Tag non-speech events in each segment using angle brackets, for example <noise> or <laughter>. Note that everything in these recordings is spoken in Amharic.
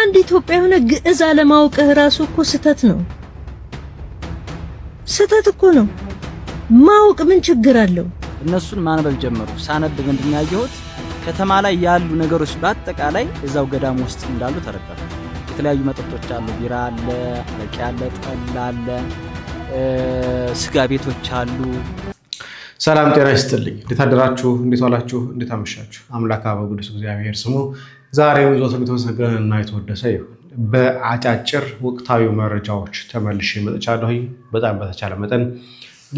አንድ ኢትዮጵያ የሆነ ግዕዝ አለማወቅህ ራሱ እኮ ስተት ነው። ስተት እኮ ነው። ማወቅ ምን ችግር አለው? እነሱን ማንበብ ጀመሩ። ሳነብ ምንድን ነው ያየሁት? ከተማ ላይ ያሉ ነገሮች በአጠቃላይ እዛው ገዳም ውስጥ እንዳሉ ተረዳ። የተለያዩ መጠጦች አሉ። ቢራ አለ፣ አረቄ አለ፣ ጠላ አለ፣ ስጋ ቤቶች አሉ። ሰላም ጤና ይስጥልኝ። እንዴት አደራችሁ? እንዴት ዋላችሁ? እንዴት አመሻችሁ? አምላክ አበ እግዚአብሔር ስሙ ዛሬ ዞት የተመሰገነ እና የተወደሰ ይሁን። በአጫጭር ወቅታዊ መረጃዎች ተመልሼ መጥቻለሁ። በጣም በተቻለ መጠን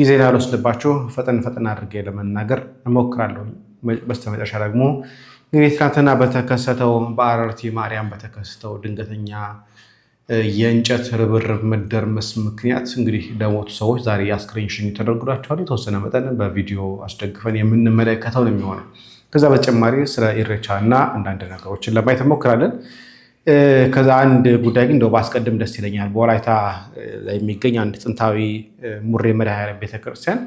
ጊዜ ላልወስድባቸው ፈጠን ፈጠን አድርጌ ለመናገር እሞክራለሁ። በስተመጨረሻ ደግሞ እንግዲህ ትናንትና በተከሰተው በአረርቲ ማርያም በተከሰተው ድንገተኛ የእንጨት ርብርብ መደርመስ ምክንያት እንግዲህ ለሞቱ ሰዎች ዛሬ የአስክሬን ሽኝ ተደርጎላቸዋል። የተወሰነ መጠን በቪዲዮ አስደግፈን የምንመለከተው ነው የሚሆነው። ከዛ በተጨማሪ ስለ ኢሬቻ እና አንዳንድ ነገሮችን ለማየት እንሞክራለን። ከዛ አንድ ጉዳይ ግን እንደው ባስቀድም ደስ ይለኛል። በወላይታ ላይ የሚገኝ አንድ ጥንታዊ ሙሬ መድኃኔዓለም ቤተክርስቲያን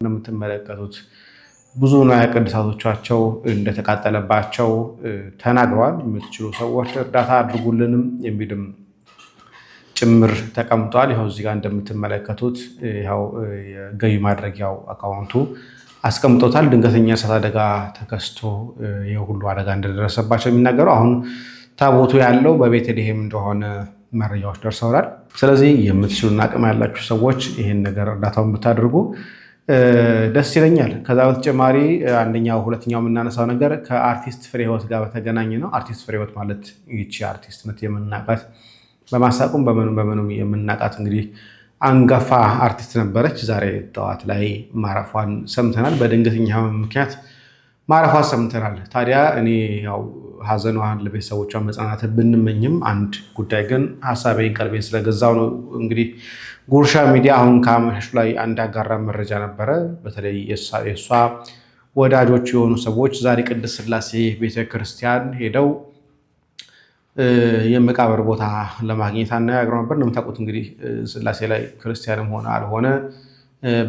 እንደምትመለከቱት ብዙ ንዋየ ቅድሳቶቻቸው እንደተቃጠለባቸው ተናግረዋል። የምትችሉ ሰዎች እርዳታ አድርጉልንም የሚልም ጭምር ተቀምጧል። ይኸው እዚጋ እንደምትመለከቱት ይኸው ገቢ ማድረጊያው አካውንቱ አስቀምጦታል። ድንገተኛ እሳት አደጋ ተከስቶ የሁሉ አደጋ እንደደረሰባቸው የሚናገረው አሁን ታቦቱ ያለው በቤተልሔም እንደሆነ መረጃዎች ደርሰውናል። ስለዚህ የምትችሉና አቅም ያላችሁ ሰዎች ይህን ነገር እርዳታውን ብታደርጉ ደስ ይለኛል። ከዛ በተጨማሪ አንደኛው ሁለተኛው የምናነሳው ነገር ከአርቲስት ፍሬህይወት ጋር በተገናኘ ነው። አርቲስት ፍሬህይወት ማለት ይቺ አርቲስት ምት የምናቃት በማሳቁም በምኑ በምኑ የምናቃት እንግዲህ አንጋፋ አርቲስት ነበረች። ዛሬ ጠዋት ላይ ማረፏን ሰምተናል። በድንገተኛ ምክንያት ማረፏን ሰምተናል። ታዲያ እኔ ያው ሀዘኗን ለቤተሰቦቿ መጽናናት ብንመኝም አንድ ጉዳይ ግን ሀሳቤን ቀልቤን ስለገዛው ነው። እንግዲህ ጉርሻ ሚዲያ አሁን ከአመሻሹ ላይ አንድ አጋራ መረጃ ነበረ። በተለይ የእሷ ወዳጆች የሆኑ ሰዎች ዛሬ ቅድስት ስላሴ ቤተክርስቲያን ሄደው የመቃብር ቦታ ለማግኘት አነጋግሮ ነበር። እንደምታውቁት እንግዲህ ስላሴ ላይ ክርስቲያንም ሆነ አልሆነ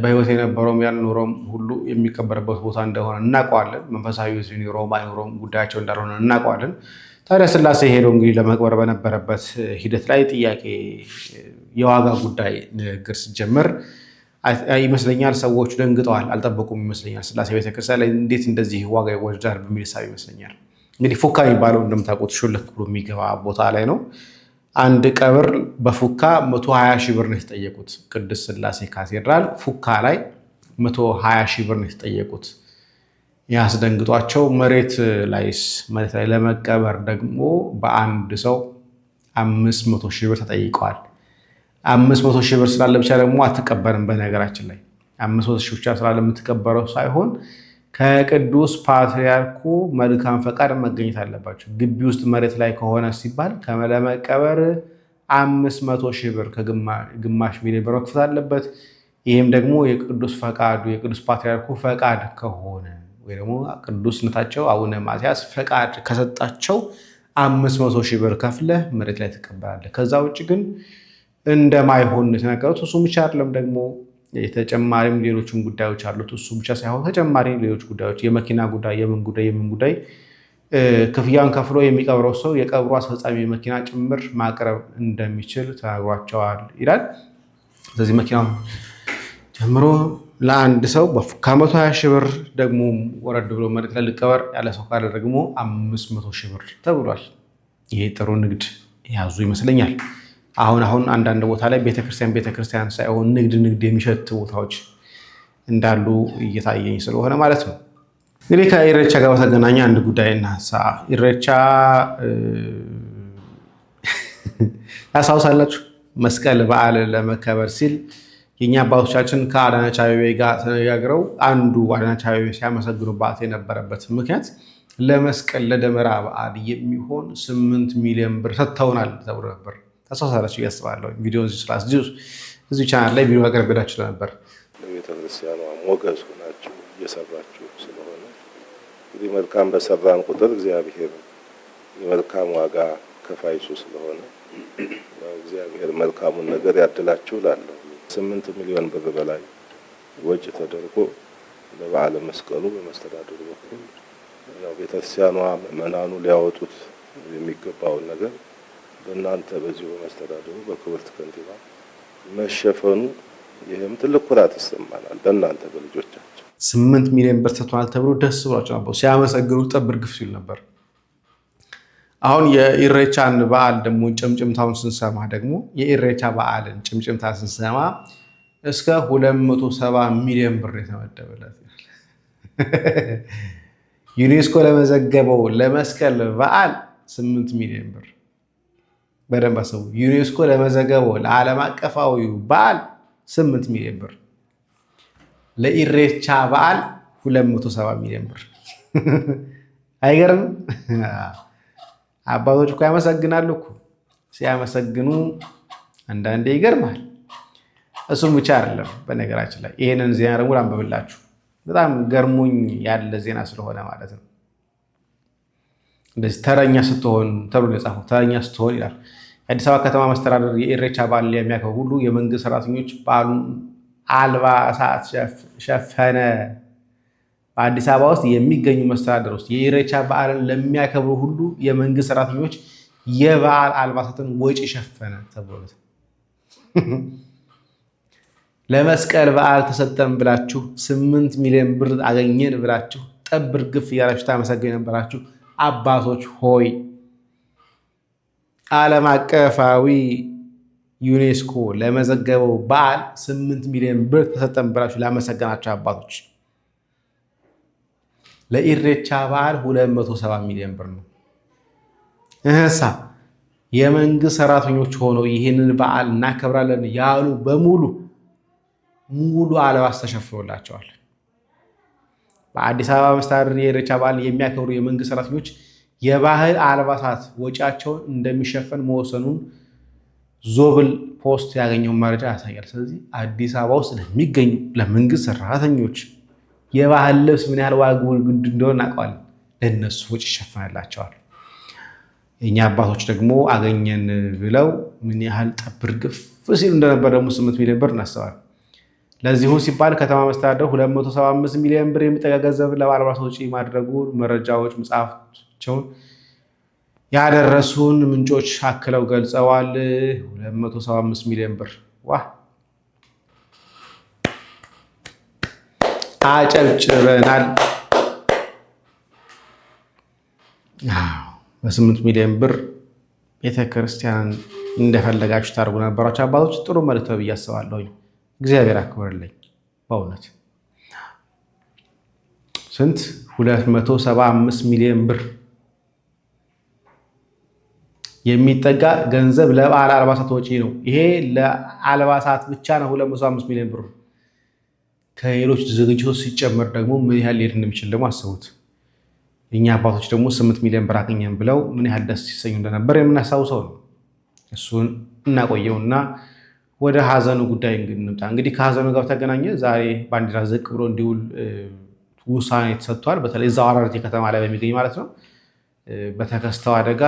በህይወት የነበረውም ያልኖረውም ሁሉ የሚቀበርበት ቦታ እንደሆነ እናውቀዋለን። መንፈሳዊ ሕይወት ቢኖረውም አይኖረውም ጉዳያቸው እንዳልሆነ እናውቀዋለን። ታዲያ ስላሴ ሄደው እንግዲህ ለመቅበር በነበረበት ሂደት ላይ ጥያቄ የዋጋ ጉዳይ ንግግር ሲጀመር ይመስለኛል ሰዎቹ ደንግጠዋል፣ አልጠበቁም ይመስለኛል። ስላሴ ቤተክርስቲያን ላይ እንዴት እንደዚህ ዋጋ ይወዳል በሚል ሳብ ይመስለኛል እንግዲህ ፉካ የሚባለው እንደምታውቁት ሹልክ ብሎ የሚገባ ቦታ ላይ ነው። አንድ ቀብር በፉካ 120 ሺህ ብር ነው የተጠየቁት። ቅድስት ስላሴ ካቴድራል ፉካ ላይ 120 ሺህ ብር ነው የተጠየቁት። ያስደንግጧቸው። መሬት ላይስ መሬት ላይ ለመቀበር ደግሞ በአንድ ሰው 500 ሺህ ብር ተጠይቀዋል። 500 ሺህ ብር ስላለ ብቻ ደግሞ አትቀበርም። በነገራችን ላይ 500 ሺህ ብቻ ስላለ የምትቀበረው ሳይሆን ከቅዱስ ፓትርያርኩ መልካም ፈቃድ መገኘት አለባቸው። ግቢ ውስጥ መሬት ላይ ከሆነ ሲባል ለመቀበር አምስት መቶ ሺህ ብር ከግማሽ ሚሊዮን ብር መክፈት አለበት። ይህም ደግሞ የቅዱስ ፈቃዱ የቅዱስ ፓትርያርኩ ፈቃድ ከሆነ ወይ ደግሞ ቅዱስነታቸው አቡነ ማትያስ ፈቃድ ከሰጣቸው አምስት መቶ ሺህ ብር ከፍለህ መሬት ላይ ትቀበላለህ። ከዛ ውጭ ግን እንደማይሆን የተናገሩት እሱም ይቻለም ደግሞ የተጨማሪም ሌሎችም ጉዳዮች አሉት። እሱ ብቻ ሳይሆን ተጨማሪ ሌሎች ጉዳዮች የመኪና ጉዳይ፣ የምን ጉዳይ፣ የምን ጉዳይ ክፍያውን ከፍሎ የሚቀብረው ሰው የቀብሩ አስፈጻሚ መኪና ጭምር ማቅረብ እንደሚችል ተናግሯቸዋል ይላል። ስለዚህ መኪናው ጀምሮ ለአንድ ሰው ከመቶ ሀያ ሺህ ብር ደግሞ ወረድ ብሎ መሬት ላይ ልቀበር ያለ ሰው ካለ ደግሞ አምስት መቶ ሺህ ብር ተብሏል። ይሄ ጥሩ ንግድ ያዙ ይመስለኛል። አሁን አሁን አንዳንድ ቦታ ላይ ቤተክርስቲያን ቤተክርስቲያን ሳይሆን ንግድ ንግድ የሚሸት ቦታዎች እንዳሉ እየታየኝ ስለሆነ ማለት ነው። እንግዲህ ከኢሬቻ ጋር በተገናኘ አንድ ጉዳይ እናንሳ። ኢሬቻ ታስታውሳላችሁ? መስቀል በዓል ለመከበር ሲል የእኛ አባቶቻችን ከአዳነች አቤቤ ጋር ተነጋግረው አንዱ አዳነች አቤቤ ሲያመሰግኑባት የነበረበት ምክንያት ለመስቀል ለደመራ በዓል የሚሆን ስምንት ሚሊዮን ብር ሰጥተውናል ተብሎ ነበር። ተሳሳላችሁ እያስባለሁ። ቪዲዮ እዚሁ ቻናል ላይ ቪዲዮ አቅርቤላችሁ ስለነበር ቤተክርስቲያኗ ሞገስ ሆናችሁ እየሰራችሁ ስለሆነ እንግዲህ መልካም በሰራን ቁጥር እግዚአብሔር የመልካም ዋጋ ከፋይሱ ስለሆነ እግዚአብሔር መልካሙን ነገር ያድላችሁ እላለሁ። ስምንት ሚሊዮን ብር በላይ ወጪ ተደርጎ ለበዓለ መስቀሉ በመስተዳድሩ በኩል ያው ቤተክርስቲያኗ ምዕመናኑ ሊያወጡት የሚገባውን ነገር በእናንተ በዚሁ በመስተዳድሩ በክብርት ከንቲባ መሸፈኑ ይህም ትልቅ ኩራት ይሰማናል። በእናንተ በልጆቻቸው ስምንት ሚሊዮን ብር ተቷል ተብሎ ደስ ብሏቸው ነበር ሲያመሰግኑ ጠብር ግፍ ሲሉ ነበር። አሁን የኢሬቻን በዓል ደግሞ ጭምጭምታውን ስንሰማ ደግሞ የኢሬቻ በዓልን ጭምጭምታ ስንሰማ እስከ 270 ሚሊዮን ብር የተመደበለት ዩኔስኮ ለመዘገበው ለመስቀል በዓል 8 ሚሊዮን ብር በደንብ አስቡ። ዩኔስኮ ለመዘገበው ለዓለም አቀፋዊው በዓል 8 ሚሊዮን ብር፣ ለኢሬቻ በዓል 270 ሚሊዮን ብር። <laughs> አይገርም? አባቶች እኮ ያመሰግናሉ እኮ። ሲያመሰግኑ አንዳንዴ ይገርማል። እሱም ብቻ አይደለም። በነገራችን ላይ ይህንን ዜና ደግሞ ላንብብላችሁ። በጣም ገርሞኝ ያለ ዜና ስለሆነ ማለት ነው። እንደዚህ ተረኛ ስትሆን ተብሎ የጻፈው ተረኛ ስትሆን ይላል። የአዲስ አበባ ከተማ መስተዳደር የኢሬቻ በዓልን የሚያከብሩ ሁሉ የመንግስት ሰራተኞች በዓሉን አልባሳት ሸፈነ። በአዲስ አበባ ውስጥ የሚገኙ መስተዳደር ውስጥ የኢሬቻ በዓልን ለሚያከብሩ ሁሉ የመንግስት ሰራተኞች የበዓል አልባሳትን ወጪ ሸፈነ ተብሎት <laughs> ለመስቀል በዓል ተሰጠን ብላችሁ ስምንት ሚሊዮን ብር አገኘን ብላችሁ ጠብር ግፍ እያላችሁ ታመሰገኝ ነበራችሁ አባቶች ሆይ ዓለም አቀፋዊ ዩኔስኮ ለመዘገበው በዓል ስምንት ሚሊዮን ብር ተሰጠን ብላችሁ ላመሰገናቸው አባቶች ለኢሬቻ በዓል 270 ሚሊዮን ብር ነው። እህሳ የመንግስት ሰራተኞች ሆነው ይህንን በዓል እናከብራለን ያሉ በሙሉ ሙሉ አልባስ ተሸፍኖላቸዋል። በአዲስ አበባ መስተዳድር የኢሬቻ በዓል የሚያከብሩ የመንግስት ሰራተኞች የባህል አልባሳት ወጪያቸውን እንደሚሸፈን መወሰኑን ዞብል ፖስት ያገኘውን መረጃ ያሳያል። ስለዚህ አዲስ አበባ ውስጥ ለሚገኙ ለመንግስት ሰራተኞች የባህል ልብስ ምን ያህል ዋግ ግድ እንደሆነ እናውቀዋለን። ለእነሱ ወጪ ይሸፈንላቸዋል። የእኛ አባቶች ደግሞ አገኘን ብለው ምን ያህል ጠብ ርግፍ ሲሉ እንደነበር ደግሞ ስምንት ሚሊዮን ብር እናስባል። ለዚሁን ሲባል ከተማ መስተዳደር 275 ሚሊዮን ብር የሚጠጋ ገንዘብ ለባለባሶች ወጪ ማድረጉ መረጃዎች መጽሐፍት ቸው ያደረሱን ምንጮች አክለው ገልጸዋል። 275 ሚሊዮን ብር ዋ አጨብጭበናል። በስምንት ሚሊዮን ብር ቤተክርስቲያንን እንደፈለጋችሁ ታደርጉ ነበራችሁ አባቶች። ጥሩ መልዕክት ብዬ አስባለሁ። እግዚአብሔር አክብርልኝ በእውነት ስንት 275 ሚሊዮን ብር የሚጠጋ ገንዘብ ለበዓል አልባሳት ወጪ ነው። ይሄ ለአልባሳት ብቻ ነው 205 ሚሊዮን ብር። ከሌሎች ዝግጅቶች ሲጨመር ደግሞ ምን ያህል ሊሄድ እንደሚችል ደግሞ አስቡት። እኛ አባቶች ደግሞ ስምንት ሚሊዮን ብር አገኘን ብለው ምን ያህል ደስ ሲሰኙ እንደነበር የምናስታውሰው ነው። እሱን እናቆየው እና ወደ ሀዘኑ ጉዳይ እንምጣ። እንግዲህ ከሀዘኑ ጋር ተገናኘ ዛሬ ባንዲራ ዝቅ ብሎ እንዲውል ውሳኔ ተሰጥቷል። በተለይ እዛው አራርቲ ከተማ ላይ በሚገኝ ማለት ነው። በተከስተው አደጋ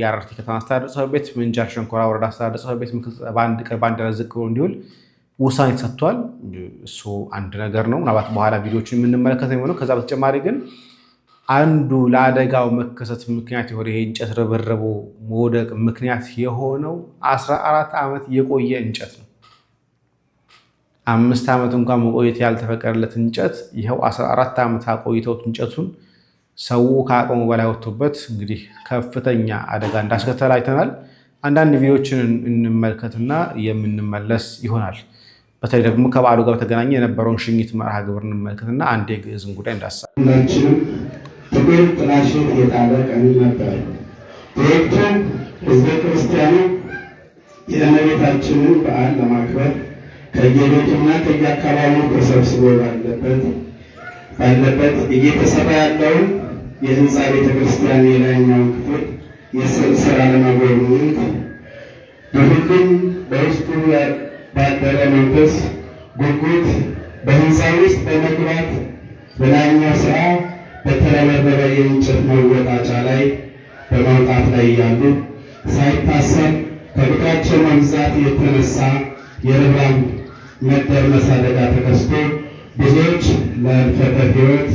የአራርቲ ከተማ አስተዳደር ጽሕፈት ቤት ምንጃር ሸንኮራ ወረዳ አስተዳደር ጽሕፈት ቤት ባንዲራ ዝቅ ብሎ እንዲውል ውሳኔ ተሰጥቷል። እሱ አንድ ነገር ነው። ምናልባት በኋላ ቪዲዮችን የምንመለከተው የሚሆነው። ከዛ በተጨማሪ ግን አንዱ ለአደጋው መከሰት ምክንያት የሆነ ይሄ እንጨት ርብርቡ መውደቅ ምክንያት የሆነው አስራ አራት ዓመት የቆየ እንጨት ነው። አምስት ዓመት እንኳን መቆየት ያልተፈቀደለት እንጨት ይኸው አስራ አራት ዓመት አቆይተውት እንጨቱን ሰው ከአቅሙ በላይ ወጥቶበት እንግዲህ ከፍተኛ አደጋ እንዳስከተል አይተናል። አንዳንድ ቪዲዮዎችን እንመልከትና የምንመለስ ይሆናል። በተለይ ደግሞ ከበዓሉ ጋር በተገናኘ የነበረውን ሽኝት መርሃ ግብር እንመልከትና አንድ የግዕዝን ጉዳይ እንዳሳ ሁላችንም ጥቁር ጥላሸት ቀን ነበር። ወቅቱ ህዝበ ክርስቲያኑ የእመቤታችንን በዓል ለማክበር ከየቤቱና ከየአካባቢው ተሰብስቦ ባለበት ባለበት እየተሰራ ያለውን የህንፃ ቤተክርስቲያን የላይኛውን ክፍል ስራ ለመጎብኘት በሁሉም በውስጡ ባደረ መንፈስ ጉጉት በህንፃ ውስጥ በመግባት በላይኛው ስራ በተረበረበ የእንጨት መወጣጫ ላይ በመውጣት ላይ ያሉ ሳይታሰብ ከብቃቸው መብዛት የተነሳ የርብራብ መደር መሳደጋ ተከስቶ ብዙዎች ለህልፈተ ህይወት!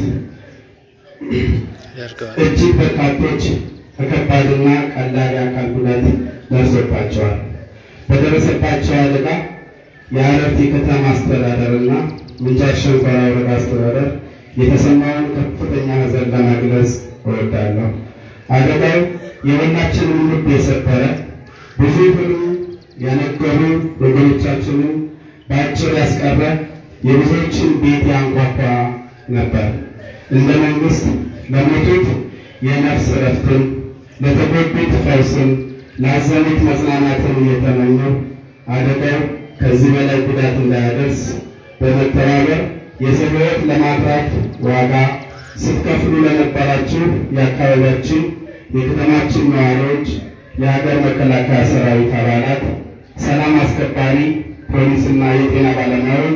እጅግ በርካቶች ከከባድና ቀላል የአካል ጉዳት ደርሶባቸዋል። በደረሰባቸው አደጋ የአረርቲ ከተማ አስተዳደርና ምንጃር ሸንኮራ ወረዳ አስተዳደር የተሰማውን ከፍተኛ ሐዘን ለመግለጽ እወዳለሁ። አደጋው የሁላችንን ልብ የሰበረ ብዙ ብሉ ያነገሩ ወገኖቻችንን በአጭር ያስቀረ የብዙዎችን ቤት ያንኳኳ ነበር። እንደ መንግሥት ለሞቱት የነፍስ እረፍትን፣ ለተጎዱት ፈውስን፣ ለአዘኑት መጽናናትን እየተመኙ አደጋው ከዚህ በላይ ጉዳት እንዳያደርስ በመተባበር የሰው ሕይወት ዋጋ ስትከፍሉ ለነበራችሁ የአካባቢያችን የከተማችን ነዋሪዎች፣ የሀገር መከላከያ ሰራዊት አባላት፣ ሰላም አስከባሪ ፖሊስና የጤና ባለሙያዎች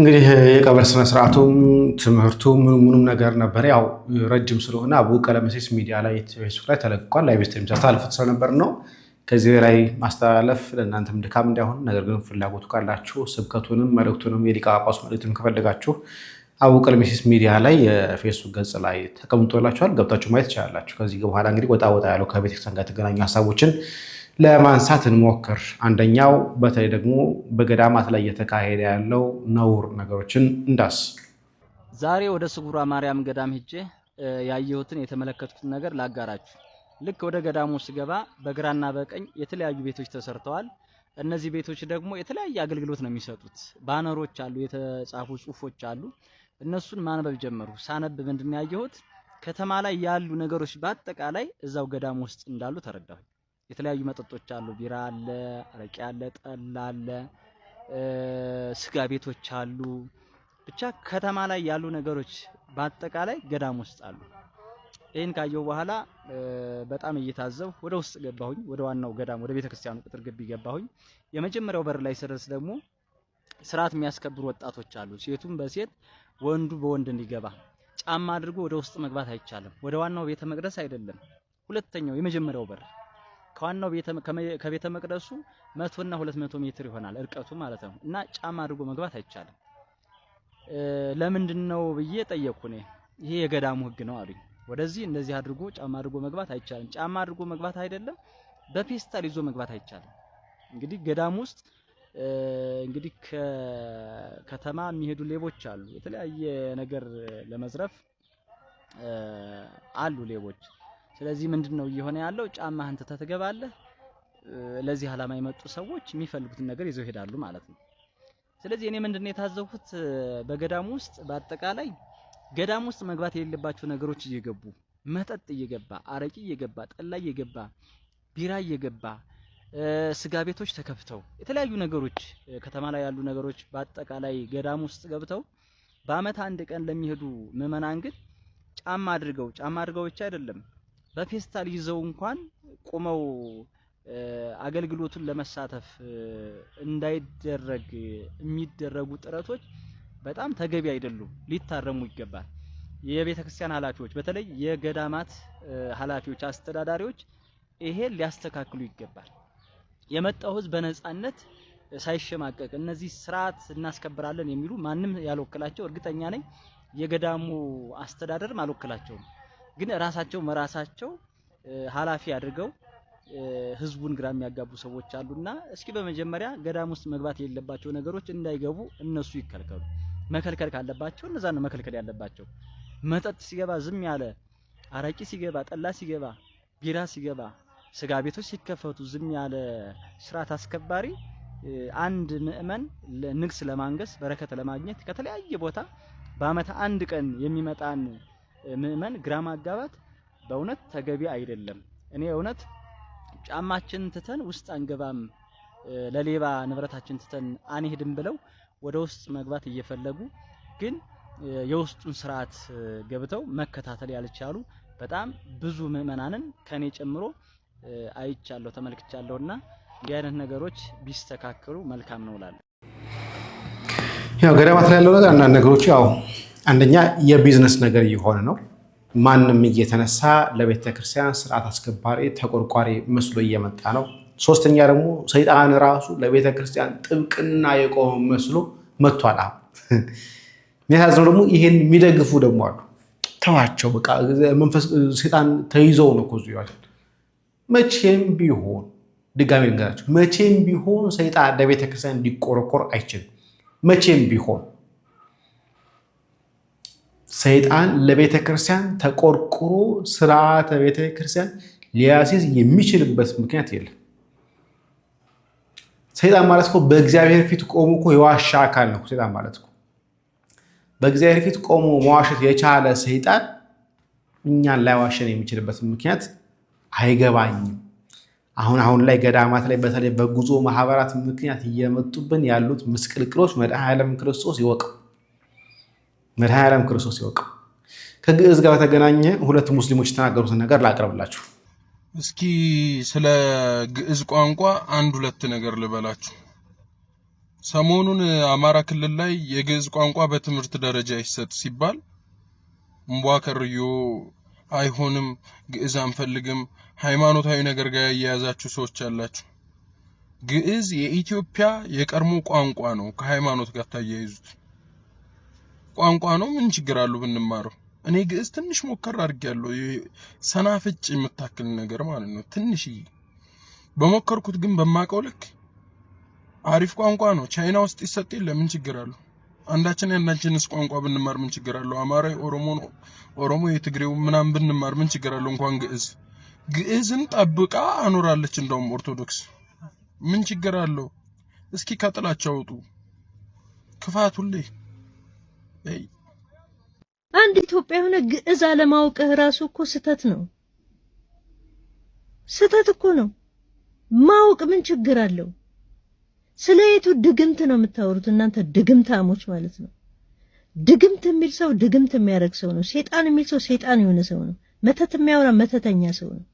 እንግዲህ የቀብር ስነስርዓቱም ትምህርቱ ምኑ ምኑም ነገር ነበር። ያው ረጅም ስለሆነ አቡ ቀለመሴስ ሚዲያ ላይ ፌስቡክ ላይ ተለቅቋል። ላይ ቤስት የሚያስተላልፉት ስለነበር ነው። ከዚህ ላይ ማስተላለፍ ለእናንተም ድካም እንዳይሆን፣ ነገር ግን ፍላጎቱ ካላችሁ ስብከቱንም መልእክቱንም የሊቀ ጳጳሱ መልእክትም ከፈለጋችሁ አቡ ቀለመሴስ ሚዲያ ላይ የፌስቡክ ገጽ ላይ ተቀምጦላችኋል። ገብታችሁ ማየት ትችላላችሁ። ከዚህ በኋላ እንግዲህ ወጣ ወጣ ያለው ከቤተክርስቲያን ጋር የተገናኙ ሀሳቦችን ለማንሳት እንሞክር። አንደኛው በተለይ ደግሞ በገዳማት ላይ እየተካሄደ ያለው ነውር ነገሮችን እንዳስ ዛሬ ወደ ስጉራ ማርያም ገዳም ሄጄ ያየሁትን የተመለከትኩትን ነገር ላጋራችሁ። ልክ ወደ ገዳሙ ስገባ በግራና በቀኝ የተለያዩ ቤቶች ተሰርተዋል። እነዚህ ቤቶች ደግሞ የተለያየ አገልግሎት ነው የሚሰጡት። ባነሮች አሉ፣ የተጻፉ ጽሁፎች አሉ። እነሱን ማንበብ ጀመሩ። ሳነብ ምንድን ያየሁት ከተማ ላይ ያሉ ነገሮች በአጠቃላይ እዛው ገዳም ውስጥ እንዳሉ ተረዳሁ። የተለያዩ መጠጦች አሉ። ቢራ አለ፣ አረቂ አለ፣ ጠላ አለ፣ ስጋ ቤቶች አሉ። ብቻ ከተማ ላይ ያሉ ነገሮች በአጠቃላይ ገዳም ውስጥ አሉ። ይህን ካየሁ በኋላ በጣም እየታዘው ወደ ውስጥ ገባሁኝ። ወደ ዋናው ገዳም ወደ ቤተክርስቲያኑ ቅጥር ግቢ ገባሁኝ። የመጀመሪያው በር ላይ ስደርስ ደግሞ ስርዓት የሚያስከብሩ ወጣቶች አሉ። ሴቱም በሴት ወንዱ በወንድ እንዲገባ ጫማ አድርጎ ወደ ውስጥ መግባት አይቻልም። ወደ ዋናው ቤተ መቅደስ አይደለም፣ ሁለተኛው የመጀመሪያው በር ከዋናው ከቤተ መቅደሱ መቶና ሁለት መቶ ሜትር ይሆናል እርቀቱ ማለት ነው። እና ጫማ አድርጎ መግባት አይቻልም። ለምንድን ነው ብዬ ጠየቅኩ። እኔ ይሄ የገዳሙ ህግ ነው አሉኝ። ወደዚህ እንደዚህ አድርጎ ጫማ አድርጎ መግባት አይቻልም። ጫማ አድርጎ መግባት አይደለም፣ በፌስታል ይዞ መግባት አይቻልም። እንግዲህ ገዳሙ ውስጥ እንግዲህ ከከተማ የሚሄዱ ሌቦች አሉ። የተለያየ ነገር ለመዝረፍ አሉ ሌቦች ስለዚህ ምንድነው እየሆነ ያለው? ጫማህን ትተህ ትገባለህ። ለዚህ ዓላማ የመጡ ሰዎች የሚፈልጉትን ነገር ይዘው ይሄዳሉ ማለት ነው። ስለዚህ እኔ ምንድነው የታዘብኩት በገዳም ውስጥ በአጠቃላይ ገዳም ውስጥ መግባት የሌለባቸው ነገሮች እየገቡ መጠጥ እየገባ አረቂ እየገባ ጠላ እየገባ ቢራ እየገባ ስጋ ቤቶች ተከፍተው የተለያዩ ነገሮች ከተማ ላይ ያሉ ነገሮች በአጠቃላይ ገዳም ውስጥ ገብተው በአመት አንድ ቀን ለሚሄዱ ምእመናን ግን ጫማ አድርገው ጫማ አድርገው ብቻ አይደለም በፌስታል ይዘው እንኳን ቆመው አገልግሎቱን ለመሳተፍ እንዳይደረግ የሚደረጉ ጥረቶች በጣም ተገቢ አይደሉም፣ ሊታረሙ ይገባል። የቤተ ክርስቲያን ኃላፊዎች በተለይ የገዳማት ኃላፊዎች፣ አስተዳዳሪዎች ይሄን ሊያስተካክሉ ይገባል። የመጣው ህዝብ በነጻነት ሳይሸማቀቅ እነዚህ ስርዓት እናስከብራለን የሚሉ ማንም ያልወክላቸው እርግጠኛ ነኝ። የገዳሙ አስተዳደርም አልወክላቸውም። ግን ራሳቸው መራሳቸው ኃላፊ አድርገው ህዝቡን ግራ የሚያጋቡ ሰዎች አሉና እስኪ በመጀመሪያ ገዳም ውስጥ መግባት የሌለባቸው ነገሮች እንዳይገቡ እነሱ ይከልከሉ። መከልከል ካለባቸው እነዛ ነው መከልከል ያለባቸው። መጠጥ ሲገባ ዝም ያለ አረቂ ሲገባ፣ ጠላ ሲገባ፣ ቢራ ሲገባ፣ ስጋ ቤቶች ሲከፈቱ ዝም ያለ ስርዓት አስከባሪ አንድ ምእመን ንግስ ለማንገስ በረከት ለማግኘት ከተለያየ ቦታ በአመት አንድ ቀን የሚመጣን ምእመን ግራ ማጋባት በእውነት ተገቢ አይደለም። እኔ እውነት ጫማችን ትተን ውስጥ አንገባም፣ ለሌባ ንብረታችን ትተን አንሄድም ብለው ወደ ውስጥ መግባት እየፈለጉ ግን የውስጡን ስርዓት ገብተው መከታተል ያልቻሉ በጣም ብዙ ምእመናንን ከኔ ጨምሮ አይቻለሁ፣ ተመልክቻለሁ። እና እንዲህ አይነት ነገሮች ቢስተካከሉ መልካም ነው እላለሁ። ያው ገዳማት ላይ ያለው ነገር አንዳንድ ነገሮች ያው አንደኛ የቢዝነስ ነገር እየሆነ ነው። ማንም እየተነሳ ለቤተ ክርስቲያን ስርዓት አስከባሪ ተቆርቋሪ መስሎ እየመጣ ነው። ሶስተኛ ደግሞ ሰይጣን ራሱ ለቤተ ክርስቲያን ጥብቅና የቆመ መስሎ መጥቷል። የሚያሳዝነው ደግሞ ይሄን የሚደግፉ ደግሞ አሉ። ተዋቸው በቃ መንፈስ ሰይጣን ተይዘው ነው እኮ ዙሪያቸው። መቼም ቢሆን ድጋሚ ልንገራቸው፣ መቼም ቢሆን ሰይጣን ለቤተ ክርስቲያን እንዲቆረቆር አይችልም። መቼም ቢሆን ሰይጣን ለቤተ ክርስቲያን ተቆርቁሮ ስርዓተ ቤተ ክርስቲያን ሊያሲዝ የሚችልበት ምክንያት የለም። ሰይጣን ማለት እኮ በእግዚአብሔር ፊት ቆሞ እኮ የዋሻ አካል ነው። ሰይጣን ማለት እኮ በእግዚአብሔር ፊት ቆሞ መዋሸት የቻለ ሰይጣን እኛን ላይዋሸን የሚችልበት ምክንያት አይገባኝም። አሁን አሁን ላይ ገዳማት ላይ በተለይ በጉዞ ማህበራት ምክንያት እየመጡብን ያሉት ምስቅልቅሎች መድኃኔዓለም ክርስቶስ ይወቀው። መድኃኔዓለም ክርስቶስ ይወቅ። ከግዕዝ ጋር በተገናኘ ሁለት ሙስሊሞች የተናገሩትን ነገር ላቅርብላችሁ። እስኪ ስለ ግዕዝ ቋንቋ አንድ ሁለት ነገር ልበላችሁ። ሰሞኑን አማራ ክልል ላይ የግዕዝ ቋንቋ በትምህርት ደረጃ ይሰጥ ሲባል እምቧከርዮ አይሆንም፣ ግዕዝ አንፈልግም፣ ሃይማኖታዊ ነገር ጋር የያዛችሁ ሰዎች አላችሁ። ግዕዝ የኢትዮጵያ የቀድሞ ቋንቋ ነው። ከሃይማኖት ጋር ታያይዙት። ቋንቋ ነው። ምን ችግር አለው ብንማረው? እኔ ግዕዝ ትንሽ ሞከር አድርጌያለሁ። ሰናፍጭ የምታክል ነገር ማለት ነው። ትንሽዬ በሞከርኩት ግን በማቀው ልክ አሪፍ ቋንቋ ነው። ቻይና ውስጥ ይሰጥ የለ ምን ችግር አለው? አንዳችን ያንዳችንስ ቋንቋ ብንማር ምን ችግር አለው? አማራ ኦሮሞ፣ ኦሮሞ የትግሬው ምናምን ብንማር ምን ችግር አለው? እንኳን ግዕዝ ግዕዝን ጠብቃ አኖራለች። እንደውም ኦርቶዶክስ ምን ችግር አለው? እስኪ ከጥላቻ አውጡ ክፋት ሁሌ አንድ ኢትዮጵያ የሆነ ግዕዝ አለማወቅህ ራሱ እኮ ስተት ነው። ስተት እኮ ነው። ማወቅ ምን ችግር አለው? ስለ የቱ ድግምት ነው የምታወሩት እናንተ ድግምታሞች ማለት ነው። ድግምት የሚል ሰው ድግምት የሚያደርግ ሰው ነው። ሴጣን የሚል ሰው ሴጣን የሆነ ሰው ነው። መተት የሚያወራ መተተኛ ሰው ነው።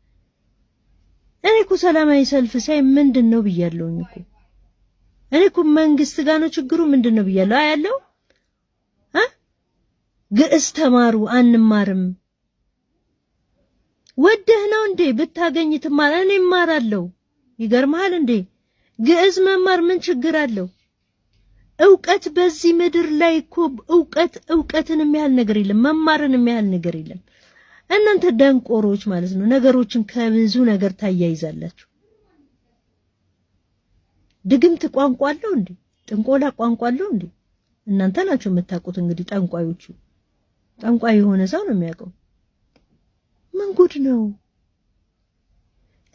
እኔ እኮ ሰላማዊ ሰልፍ ሳይ ምንድን ነው ብያለሁኝ እኮ እኔ እኮ መንግስት ጋር ነው ችግሩ ምንድን ነው ብያለሁ አያለው ግዕዝ ተማሩ አንማርም። ወደህ ነው እንዴ ብታገኝ ትማር። እኔ እማራለሁ። ይገርምሃል እንዴ ግዕዝ መማር ምን ችግር አለው? እውቀት በዚህ ምድር ላይ እኮ እውቀት እውቀትን የሚያህል ነገር የለም። መማርን የሚያህል ነገር የለም። እናንተ ደንቆሮች ማለት ነው ነገሮችን ከብዙ ነገር ታያይዛላችሁ። ድግምት ቋንቋ አለው እንዴ? ጥንቆላ ቋንቋ አለው እንዴ? እናንተ ናችሁ የምታውቁት እንግዲህ ጠንቋዮቹ። ጠንቋይ የሆነ ሰው ነው የሚያውቀው። ምን ጉድ ነው?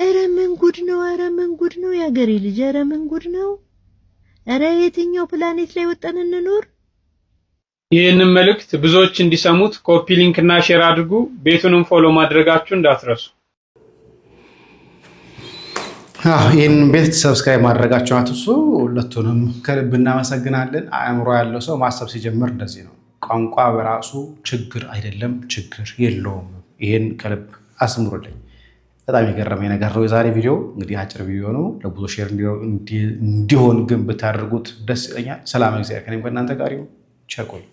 እረ ምን ጉድ ነው? ኧረ ምን ጉድ ነው? የአገሬ ልጅ እረ ምን ጉድ ነው? እረ የትኛው ፕላኔት ላይ ወጠን እንኖር? ይህንን መልእክት ብዙዎች እንዲሰሙት ኮፒ ሊንክ እና ሼር አድርጉ። ቤቱንም ፎሎ ማድረጋችሁ እንዳትረሱ። ይህን ቤት ሰብስክራይብ ማድረጋችሁ አትሱ። ሁለቱንም ከልብ እናመሰግናለን። አእምሮ ያለው ሰው ማሰብ ሲጀምር እንደዚህ ነው። ቋንቋ በራሱ ችግር አይደለም፣ ችግር የለውም። ይህን ከልብ አስምሩልኝ። በጣም የገረመኝ ነገር ነው። የዛሬ ቪዲዮ እንግዲህ አጭር ቪዲዮ ነው። ለብዙ ሼር እንዲሆን ግን ብታደርጉት ደስ ይለኛል። ሰላም፣ እግዚአብሔር ከእናንተ ጋር ይሁን። ቸር ቆዩ።